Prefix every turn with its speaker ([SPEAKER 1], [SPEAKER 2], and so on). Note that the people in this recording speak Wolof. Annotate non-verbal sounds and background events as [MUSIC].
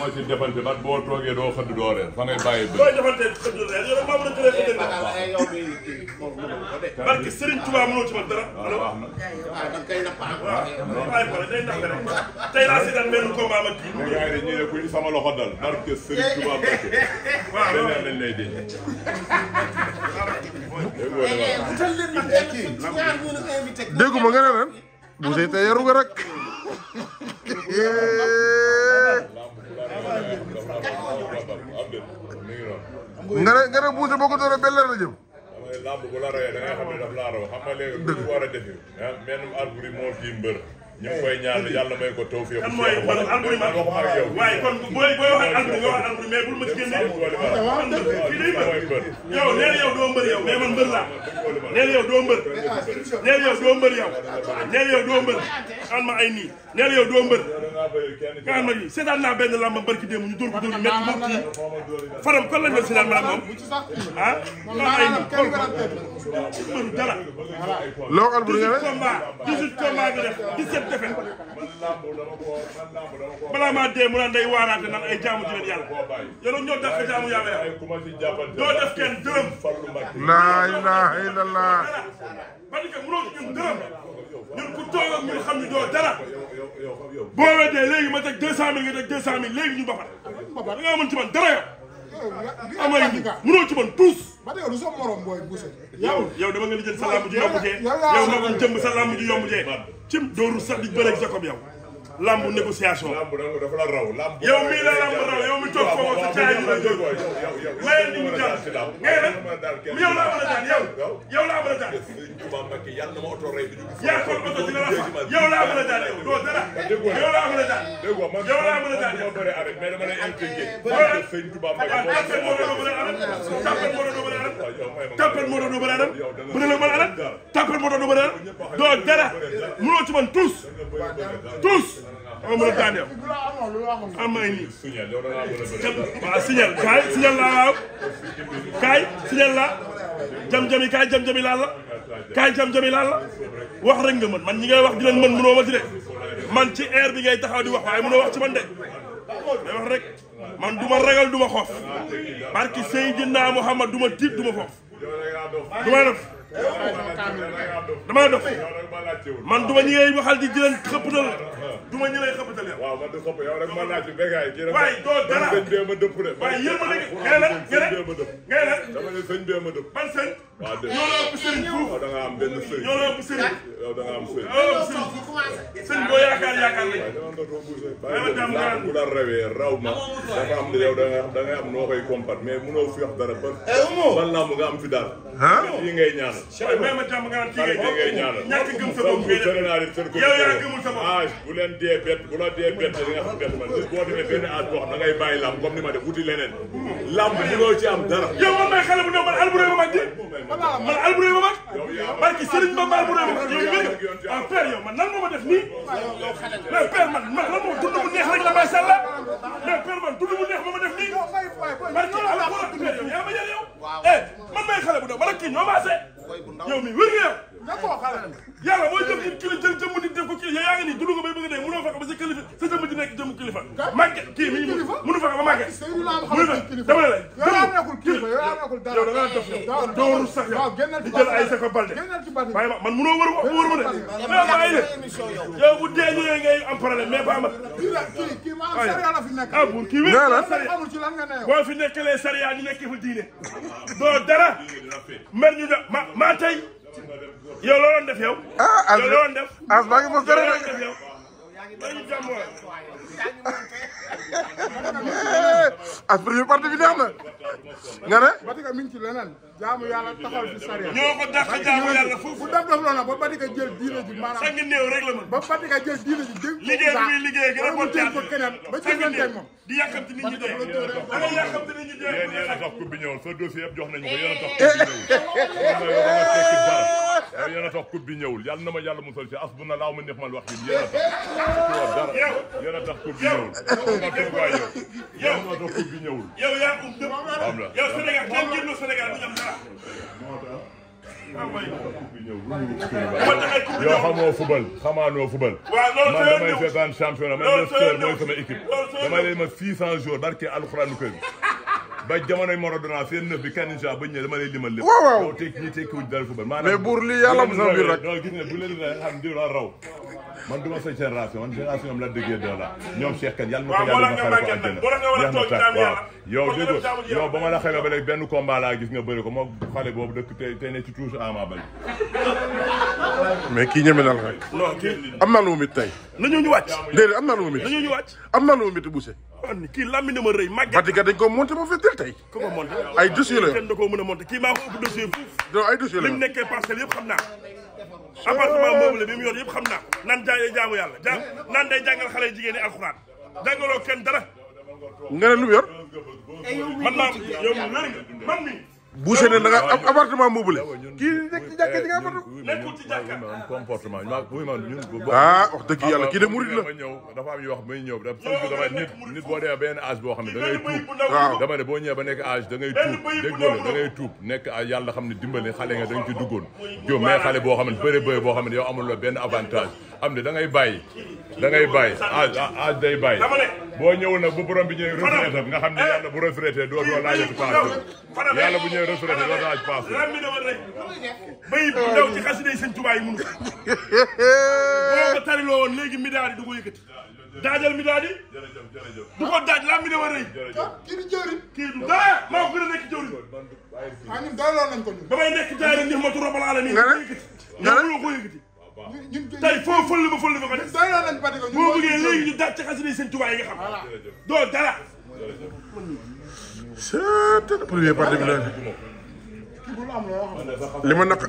[SPEAKER 1] mooy si defante nag boo toogee doo xëdd doo reer fa ngay bàyyi bëri. boo
[SPEAKER 2] defante xëdd reer yow maa mën a tëlee xëdd reer. barke Serigne Touba mënoo ci man dara. Ah, ah, waaw waaw waaw day
[SPEAKER 1] nax rek. tey laa si daan benn combat ma kii. mais gars yi dañuy ne kuy sama loxo dal barke Serigne Touba [LAUGHS] barke. waaw waaw dañ leen lay dee.
[SPEAKER 2] déggu ma nga ne ren. bu sey tey yaru nga rek. [LAUGHS]
[SPEAKER 1] nga ne nga ne buuse boo ko dooree ba leer la jëm. damay
[SPEAKER 2] làmb bu la rayee da ngay xam ne daf laa raw xam nga léegi lu war a defi ah menn Alboury moo fi mbër ñu ngi koy ñaan yàlla may ko tawfiq kan mooy man Alboury ma waaye kon booy booy wax Alboury nga wax Alboury mais bul ma ci génne fii day mbër yow nee na yow doo mbër yow mais man mbër laa nee na yow doo mbër nee na yow doo mbër yow nee na yow doo mbër xaan ma ay nii nee na yow doo mbër
[SPEAKER 1] nga
[SPEAKER 2] ma ji seetaan naa benn lamba barki démb ñu dóor ko dóor métti moom kii faram kon lañ doon seetaan maanaam moom ah ay ni xool ko mënu dara loo xam ne 18 combat 18 combat bi def 17 defe
[SPEAKER 1] balaa maa dee mu naan day waaraate naan ay jaamu ji leen yàlla
[SPEAKER 2] yow ñoo def ko jaamu yàlla yàlla doo def kenn dërëm laa ilaaha illallah parce que mënoo ñun dërëm ñun ku toog ñun xam ñu doo dara boo weddee léegi ma teg deux cent mille nga teg deux cent mille léegi ñu mbapat da ah, ngaa mën ci man amay ni mënoo ci man tous ba tey nga di jël sa làmb ji yomb jee yow magum jëmb sa làmb ji yomb jee ci dooru sax di Jacob yow lamb négociation. lamb dafa la raw lamb. yow mii la lamb raw yow mi toog foofu sa caay ñu la jóg. mayal ñu mu jàll. ngay nag
[SPEAKER 1] yow laa mën a daan yow. yow laa mën a daan. yaa ko oto dina la fa yow laa mën a daan yow doo dara. yow laa mën a daan. yow laa mën a daan yow.
[SPEAKER 2] tapet moto doo bëri aram. bu ne la mën a aram. tapet moto doo bëri aram. doo dara mënoo ci man tous tous. ama mën a daaneel amay nii waaw signal kaay signal laa waaw kaay signal laa jam-jami kaay jam-jami laa la kaay jam-jami laa la wax rek nga mën man ñi ngay wax di leen mën mënoo ma man ci air bi ngay taxaw di wax waaye mënoo wax ci man de day wax rek man du ma ragal du ma xoof barki Seydina Muhammad du ma tiit du ma xoof du ma def damaa dof man du ma ñëwee waxal di jël xëppatal
[SPEAKER 1] du ma ñëwee xëppatal yow. waaw man de xëpp doo dara man sëñ bee ma dëpp de. waay yéen ma dëgg ngay lan sëñ bee ma dëpp. ban sëñ. da nga am benn sëriñ. ñoo da
[SPEAKER 2] sëñ boo yaakaar yaakaar lañ.
[SPEAKER 1] waaye am da am noo koy combat mais mënoo fi wax dara ba. Eh, ban làmb nga am fi daal. fii ngay ñaan ñaanal waaye may ma jàmm nga
[SPEAKER 2] naan kii ngay ñaanal ñàkk gëm sa
[SPEAKER 1] bopp ngay def yow yaa gëmul sa bopp ah bu leen dee bett bu la dee bett li nga xam bett man boo demee benn at boo xam da ngay bàyyi lamb comme ni ma def wuti leneen lamb mënoo ci am dara yow man may xale bu ndaw man alburé ba mag di
[SPEAKER 2] man alburé ba mag barki sëriñ ba ma alburé ba mag yow mi en père yow man nan moo ma def nii mais père man man lan moo dund bu neex rek la may sàlla mais père man dund bu neex ma ma def nii barki alburé yow yaa ma jël yow eh man may xale bu ndaw man ak kii ñoo maase yow mi wér nga yow. yàlla mooy jëf nit ki la jël jëmm nit def ko kii yaa ngi nii dund ko bay bëgg a dee ba sa kilifa nekk jëm kilifa. màgget kii mi ngi mënu fexe ba màgget. mënu fexe dama ne la. yow yaa nekkul kilifa yow yaa nekkul dara yow da ngaa def yow dooru sax yow di jël ay sa fa balde waaye man mënoo wër wër ma de. yow bàyyi de yow bu dee ñëwee ngay am problème mais ba ma. kii kii maanaam sariya la fi nekk. ah bu kii bi sariya amul ci lan nga ne yow. boo fi nekkalee sariya di nekk fa diine. doo dara mer ñu ne ma maa tey yow loo doon def yow. ah as yow loo doon def. as maa ngi mos dara yow. ngi ah premier parti bi neex na. nga ne. Batika mi ngi ci leneen. jaamu yàlla taxawal ci sariya. ñoo ko dàq jaamu yàlla foofu. bu def def loolu ba Batika jël diine ji maanaam. sang néew rek la mën. ba Batika jël diine ji dégg. liggéey bi muy liggéey gën a bon teel ba jëfandikoo moom. di yàqamti nit ñi dee. da ngay yàqamti
[SPEAKER 1] nit ñi dee. yéen yéen a tax coupe bi ñëwul sa dossier yëpp jox nañu ko yéen a tax coupe bi ñëwul. [LAUGHS] waaw yéen a tax coupe bi ñëwul yàlla na ma yàlla musal ci as bu na laaw ma neex ma wax yéen a tax. yéen a tax ko bi ñëwul. yow
[SPEAKER 2] moo tax ko bi ñëwul. yow yaa ko dëpp. am na yow Sénégal kenn génn Sénégal du ñu
[SPEAKER 1] am dara. yow xamoo football xamaanoo football. man damay seetaan championnat man Leicester mooy sama équipe. damay leen ma 600 jours barke alxuraanu kër ba jamonoy Maradona seen nëf bi kenn incha ba ñëwee dama lay limal lépp. waaw waaw yow tekki ñi tekki wuñ dara football. maanaam mais buur li yàlla am sa biir rek. non gis nga bu leen xam ne raw. man du ma sa génération man génération am la déggee doo ñoom Cheikh kan yàlla ko yàlla defal ko àjjana jeex na ba ma la xamee ba léegi benn combat laa gis nga bëri ko moom xale
[SPEAKER 2] boobu dëkk tey tey ne ci toujours Ama Baldé
[SPEAKER 1] mais kii ñeme na
[SPEAKER 2] la rek. non kii am naa lu mu mit tey. nañu ñu wàcc. déedéet am naa lu mu mit. am naa lu mu mit Bousse. kii lammi na ma rëy màgget. Fatick dañ ko monté ma fekk tey. ku ko monté ay dossier la da koo mën a monté kii maa ko ëpp dossier nekkee parcelle yëpp xam naa appartement boobu la bi mu yor yëpp xam naa nan jaay jaamu yàlla ja nan day jàngal xale jigéen ñi alxuraan jàngaloo kenn dara. nga ne lu mu yor. Eh, man maa yow man mi. Boucher ne da nga am appartement meublé. kii nekk ci jàkka ji nga
[SPEAKER 1] nekkul ci jàkka. comportement ñun. ah wax dëgg yàlla kii de murid la. dafa am yu wax muy ñëw dafa damay nit nit boo demee benn âge boo xam ne da ngay tuub. waaw dama ne boo ñëwee ba nekk âge da ngay tuub déggoo la da ngay tuub nekk yàlla xam ne dimbali xale nga da nga ci duggoon. jóom mais xale boo xam ne bëre bëre boo xam ne yow amul la benn avantage am ne da ngay bàyyi da ngay bàyyi âge âge day bàyyi. boo ñëwul nag bu borom bi ñëwee retraité nga xam ne yàlla bu retraité doo doo laajati paas yàlla bu ñëwee retraité la daaj paase. ràmmi
[SPEAKER 2] na woon rek. bay bu ndaw ci xasida yi sëñ Tuubaa yi mënu ko. boo ko tariloo woon léegi midaadi du ko yëkkati. daajal midaadi. jërëjëf jërëjëf. du ko daaj ràmmi na woon rek. jërëjëf kii du jëwriñ. kii du daa maa ko gën a nekk jëwriñ. ah ñun doyloon nañ ko ñun. damay nekk jaay nihmatu rabbil alamin. nga ne nga ne ñoo ko yëkkati. tey foo fël ba fël ba ko def. doyloon nañ ko ñun boo bëggee léegi ñu daaj ci xasida yi sëñ Tuubaa yi nga xam. doo dara c'est premier parti bi la li ma naq